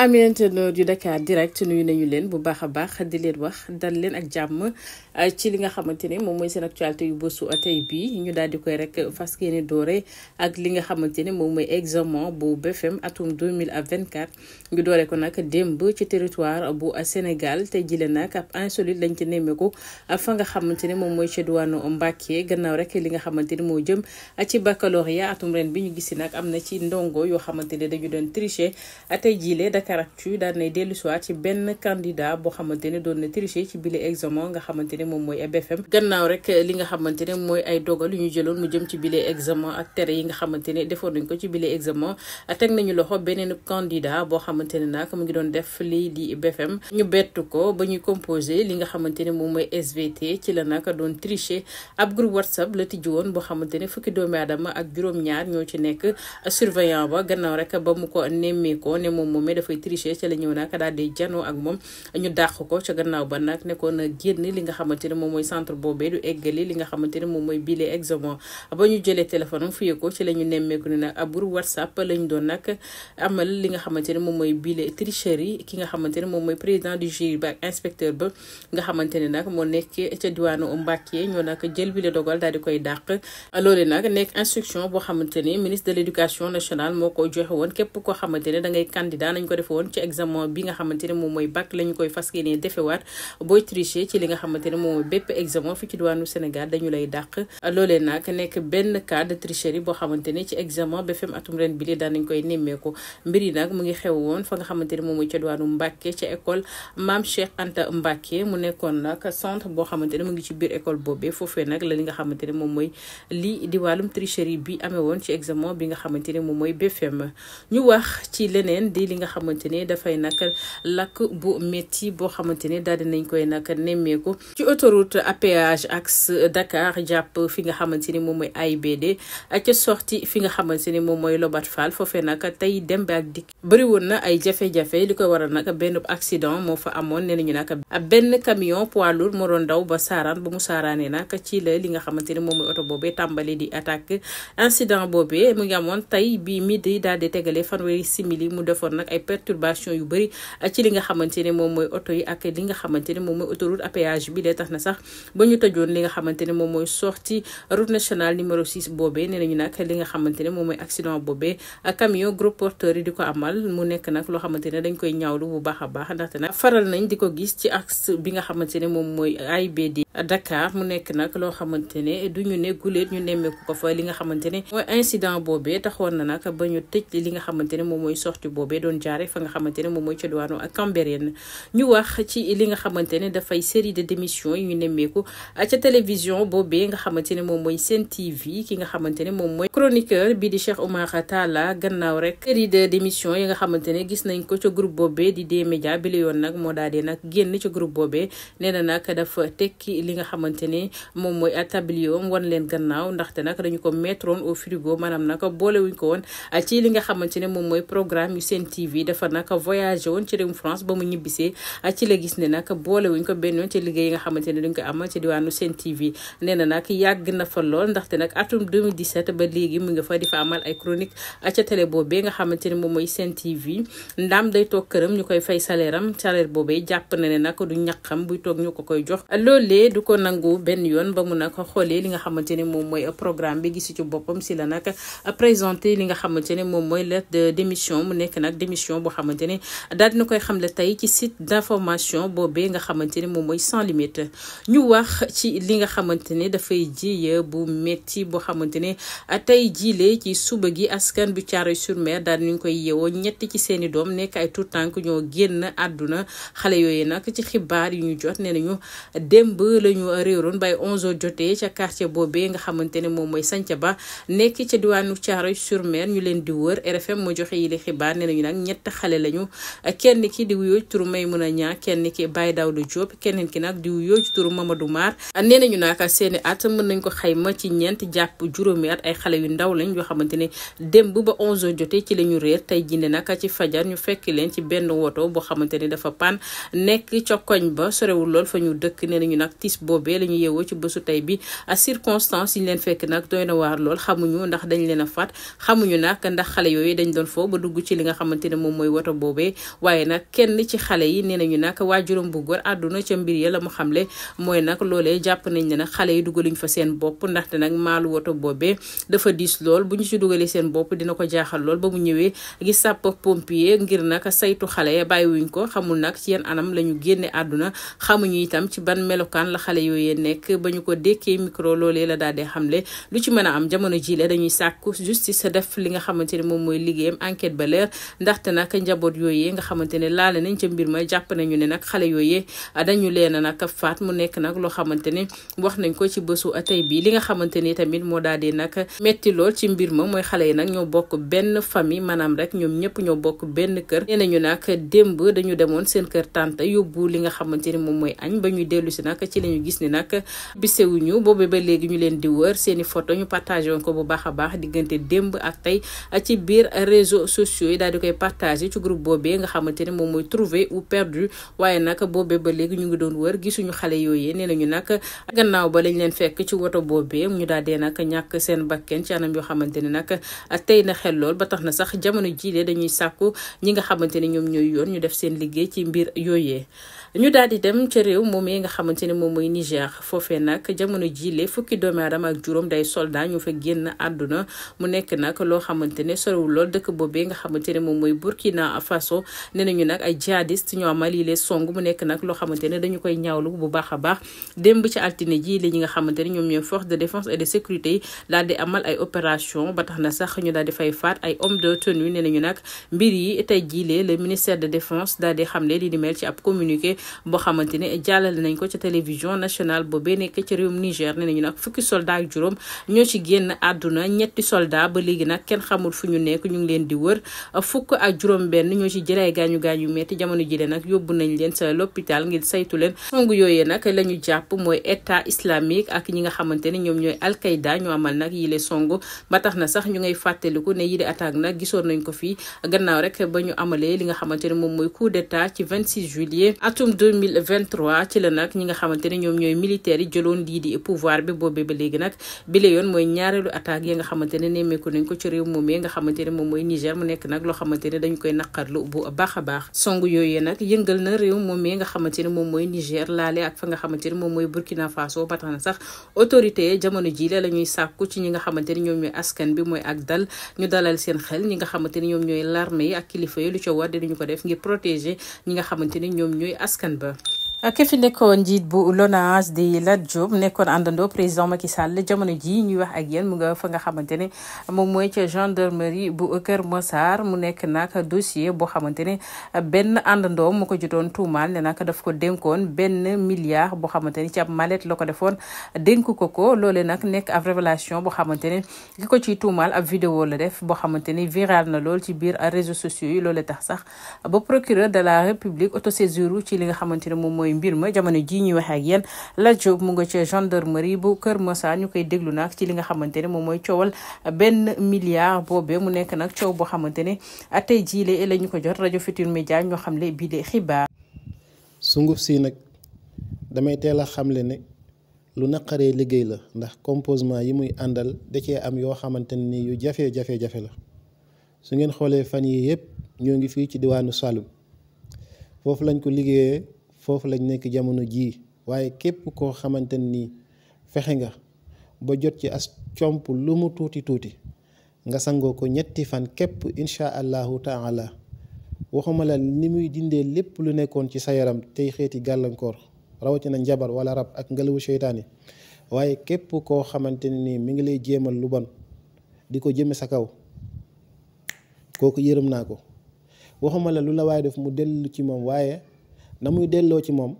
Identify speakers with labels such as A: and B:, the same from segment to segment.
A: amintenoor yu Dakar direct nuyu nañu leen bu baax a baax di leen wax dal leen ak jàmm euh, ci li nga xamante ne moom mooy seen actualité yu bësu tey bii ñu daal di koy rek fas yéene doore ak li nga xamante ne moom mooy examen bu BFM atum 2024 ñu doore ko nag démb ci territoire bu Sénégal tey jile nag ab insolite lañ ci nemmeeku fa nga xamante ne moom mooy ci diwaanu Mbàkke gannaaw rek li nga xamante ne moo jëm ci baccalauréat atum ren bi ñu gis nag am na ci ndongo yoo xamante ne dañu doon tricher tey jile Dakar Dakaractu daan nay dellu siwaat ci benn candidat boo xamante ne doon na tricher ci bile examen nga xamante ne moom mooy BFM gannaaw rek li nga xamante ne mooy ay dogal yu ñu jëloon mu jëm ci bile examen ak tere yi nga ne defoon nañ ko ci bile examen teg nañu loxo beneen candidat boo xamante ne nag mu ngi doon def lii di BFM ñu bettu ko ba ñuy composé li nga xamante ne moom mooy SVT ci la nag doon tricher ab groupe WhatsApp la tijji woon boo xamante ne fukki doomi aadama ak juróom-ñaar ñoo ci nekk surveillant ba gannaaw rek ba triché ca la ñëw nag daal di janoo ak moom ñu dàq ko ca gannaaw ba nag nekkoon génn li nga xamante ne moom mooy centre boobee du eggali li nekk instruction boo xamante ministre de l' nationale moo ko joxe woon képp koo xamante ne da ngay ko def defoon ci examen bi nga xamante ne moom mooy bac la ñu koy fas yéenee defewaat booy ne moom mooy bépp examen fi ci diwaanu Sénégal dañu lay dàq loolee nag nekk benn cas tricherie boo xamante ne ci examen BFEM atum ren bi li daan nañ koy nemmeeku mbir yi nag mu ngi xew woon fa nga xamante ne moom mooy ca diwaanu Mbacke ca école Maam Cheikh Anta Mbacke mu nekkoon nag centre boo xamante ne mu ngi ci biir école boobee foofee nag la li nga xamante ne moom mooy lii di tricherie bi amee woon ci examen bi nga xamante xamante ne dafay nag lakk bu métti boo xamante ne daal dinañ koy nag nemmeeku ci autoroute à péage axe jàpp fi nga xamante ni moom mooy AIBD ca sorti fi nga xamante ni moom mooy Lobat Fall foofee nag tey dem bi ak dikk bëri woon na ay jafe-jafe li koy waral nag benn accident moo fa amoon nee nañu nag benn camion poids lourd moo doon ba saaraan ba mu saaraanee nag ci li nga xamante ni moom mooy oto boobee tàmbali di attaque incident boobee mu ngi amoon tey bi midi daal di tegale fanweeri simili mu defoon nag ay perte perturbation yu bëri eh, ci li nga xamante ne moom mooy oto yi ak li nga xamante ne moom mooy autoroute à péage bi day tax na sax eh, a faral nañ di ko gis ci axe bi nga xamante moom mooy AIBD Dakar mu nekk nag loo xamante ne ne guleet ñu nemmeeku ko fa li nga xamante mooy incident boobee taxoon na nag ba ñu tëj li nga xamante moom mooy sortie boobee doon jaare fa fa nga xamante ne moom mooy ca diwaanu Cambérène ñu wax ci li nga xamante ne dafay série de démission yu ñu nemmeeku ah, ca télévision boobee nga xamante moom mooy chroniqueur bi di Cheikh Oumar Talla gannaaw rek série de démission yi nga xamante ne gis nañ ko ca groupe boobee di D-Media bi la yoon nag moo daal di nag génn ca groupe boobee nee na dafa tekki li nga xamante ne moom mooy tablier wan leen gannaaw ndaxte nag dañu ko mettroon au frigo maanaam nag boolewuñ ko woon ah, ci nag voyagé woon ci réewum France ba mu ñibbisee ah, ci la gis ne nag boole wuñ ko benn yoon ci liggéey yi nga xamante ne dañ koy amal ci diwaanu Sen TV nee na nag na fa lool ndaxte nag atum 2017 ba léegi mu nga fa di fa amal ay chronique ah, nga xamante ne moom mooy Sen TV ndaam day toog këram ñu koy fay salaire am salaire boobee jàpp na ne nag du ñaqam buy toog ñu ko koy jox loolee du ko nangu benn yoon ba mu nag xoolee li nga xamante ne moom mooy programme bi gisu ci boppam si la nag présenté li nga xamante ne moom mooy lettre de démission mu nekk nag démission boo xamante ne daal dina koy xamle tey ci site d'information boobee nga xamante ne moom mooy sans limite ñu wax ci li nga xamante ne dafay jiya bu metti boo xamante ne tey jiile ci suba gi askan bu caaroy sur mer daal dinañ koy yeewoo ñett ci seeni doom nekk ay tout tànk ñoo génn àdduna xale yooyu nag ci xibaar yu ñu jot nee nañu démb ba nekk ca diwaanu caaroy sur mer ñu leen di wër RFM moo joxe yi li xibaar nee nag ñett xale lañu kenn ki di wuyoo ci turu Maymuna Ñaa kenn ki Baye Daouda Diop keneen ki nag di wuyoo ci turu Mamadou Mar nee nañu nag seeni at mën nañ ko xayma ci ñeent jàpp juróomi at ay xale yu ndaw lañ yoo xamante ne démb ba 11 heures jotee ci la ñu réer tey jii nag ci fajar ñu fekk leen ci benn woto boo xamante ne dafa pan nekk ca koñ ba sorewul lool fa ñu dëkk nee nañu nag tis boobee la ñu yeewoo ci bésu tey bi circonstance yi ñu leen fekk nag doy na waar lool xamuñu ndax dañ leen a faat xamuñu nag ndax xale yooyu dañ doon foo ba dugg ci li nga xamante ne moom mooy woto boobee waaye nag kenn ci xale yi nee nañu nag waajuram bu góor àdduna ca mbir ya la mu xamle mooy nag loolee jàpp nañ ne nag xale yi dugaluñ fa seen bopp ndaxte nag maalu woto boobee dafa diis lool bu ñu ci dugalee seen bopp dina ko jaaxal lool ba mu ñëwee gi sapeur pompier ngir nag saytu xale ya bàyyiwuñ ko xamul nag ci yan anam la ñu génne àdduna xamuñu itam ci ban melokaan la xale yooyee nekk ba ñu ko dékkee micro loolee la daal di xamle lu ci mën am jamono jile dañuy sàkku justice def li nga xamante ne moom mooy liggéeyam enquête ba njaboot yooyee nga xamante ne laale nañ ca mbir ma jàpp nañu ne nag xale yooyee dañu leen a faat mu nekk nag loo xamante ne wax nañ ko ci bésu tey bi li nga xamante ni tamit moo daal di nag metti ci mbir ma mooy xale yi nag ñoo bokk benn famille maanaam rek ñoom ñëpp ñoo bokk benn kër nee nañu nag démb dañu demoon seen kër tante yóbbu li nga xamante ni moom mooy añ ba ñu dellu si nag ci la gis ni nag bisewuñu boobu ba léegi ñu leen di wër seeni photo ñu partagé woon ko bu baax a baax diggante démb ak tey ci biir réseaux sociaux yi daal di koy ci groupe boobee nga xamante ne moom mooy trouvé ou perdu waaye nag boobee ba léegi ñu ngi doon wër gisuñu xale yooye nee nañu nag gannaaw ba lañ leen fekk ci woto boobee ñu daal dee nag ñàkk seen bakken ci anam yoo xamante ne nag tey na xel lool ba tax na sax jamono jilee dañuy sàkku ñi nga xamante ne ñoom ñooy yoon ñu def seen liggéey ci mbir yooyee ñu daal di dem ca réew moom yi nga xamante ne moom mooy Niger foofee nag jamono jii le fukki doomi aadama ak juróom day soldat ñu fa génn àdduna mu nekk nag loo xamante ne sorewul lool dëkk boobee nga xamante ne moom mooy Burkina Faso nee nañu nag ay jihadiste ñoo amal yi song mu nekk nag loo xamante ne dañu koy ñaawlu bu baax a baax démb ci altine jii li ñi nga xamante ne ñoom ñooy force de défense et de sécurité yi daal di amal ay opération ba tax na sax ñu daal di fay faat ay homme de tenue nañu nag mbir yi tey jiile le ministère de défense daal di xamle li di mel ci ab communiqué boo xamante ne jàllale nañ ko ca télévision nationale boobee nekk ci réewum Niger ne nañu nag fukki soldat ak juróom ñoo ci génn àdduna ñetti soldat ba léegi nag kenn xamul fu ñu nekk ñu ngi leen di wër fukk ak juróom benn ñoo ci jëlee gaañu gaañu metti jamono ji nag yóbbu nañ leen sa l'hôpital ngir saytu leen songu yooyee nag la ñu jàpp mooy état islamique ak ñi nga xamante ne ñoom ñooy alqaida ñu amal nag yile songu ba tax na sax ñu ngay fàttaliku ne yile attaque nag gisoon nañ ko fii gannaaw rek ba ñu amalee li nga xamante ne moom mooy coup d'état ci 26 juillet atum atum 2023 ci la nag ñi nga xamante ne ñoom ñooy militaires yi jëloon lii di pouvoir bi boobee ba léegi nag bi la mooy ñaareelu attaque yi nga xamante ne nemmeeku nañ ko ci réew moom mooy a baax na réew moomee nga xamante ne moom mooy Niger laale ak fa nga xamante ne moom mooy Burkina Faso ba na sax autorité jamono ji la la ñuy sàkku ci ñi nga xamante ne ñoom ñooy askan bi mooy ak dal ñu dalal seen xel ñi nga xamante ne ñoom ñooy l'armée yi ak kilifa yi lu ca war ko def Askan ba ki fi nekkoon njiit bu di Lat Diop nekkoon àndandoo président Macky Sall jamono ji ñuy wax ak yéen mu nga fa nga xamante ne moom mooy gendarmerie bu Kër Massar mu nekk nag dossier boo xamante ne benn àndandoo mu ko jotoon daf ko dénkoon benn milliard boo xamante ni ci ab mallette la ko defoon dénk ko ko loolee nag nekk ab révélation boo ko ciy tuumaal ab vidéo la def boo xamante viral na lool ci biir réseaux sociaux yi tax sax ba procureur de la république autosaisir ci li nga xamante ne mooy mbir ma jamono jii ñuy waxee ak yéen Lat mu nga ca gendarmerie bu Kër Massar ñu koy déglu nag ci li nga xamante ne moom mooy coowal benn milliard boobee mu nekk nag coow boo xamante ne tey jii la lañu ko jot rajo Futur Media ñoo xam ne bii de xibaar.
B: sunguf si nag damay teel a xamle ne lu naqaree liggéey la ndax composement yi muy àndal da cee am yoo xamante ne ni yu jafe jafe la su ngeen xoolee fan yii yëpp ñoo ngi fii ci diwaanu Saloum foofu lañ ko liggéeyee. foofu lañ nekk jamono jii waaye képp koo xamante nii fexe nga ba jot ci as comp lu mu tuuti tuuti nga sangoo ko ñetti fan képp incha allahu taala waxuma la ni muy dindee lépp lu nekkoon ci sa yaram tey xeeti gàllankoor rawatina njabar wala rab ak ngelawu seytaane waaye képp koo xamante ne nii mu ngi lay jéemal lu bon di ko jëme sa kaw kooku yërëm naa ko waxuma la lu la waaye def mu dellu ci moom waaye na muy delloo ci moom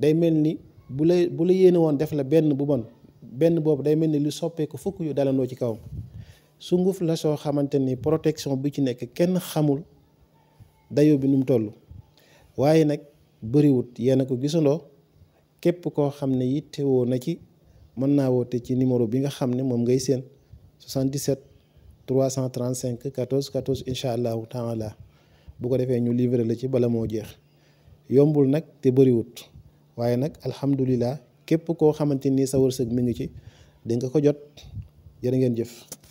B: day mel ni bu la bu la yéene woon def la benn bu bon benn boobu day mel ni lu soppeeku fukk yu dalandoo ci kawam sunguf la soo xamante ni protection bi ci nekk kenn xamul dayo bi nu mu toll waaye nag bëriwut yéena ko gisandoo képp koo xam ne te woo na ci mën naa woote ci numéro bi nga xam ne moom ngay seen 77 335 14 14 incha allahu la bu ko defee ñu livré la ci bala moo jeex yombul nag te bëriwut waaye nag alhamdulilah képp koo xamante ni sa wërsëg mi ngi ci di nga ko jot jërë ngeen jëf.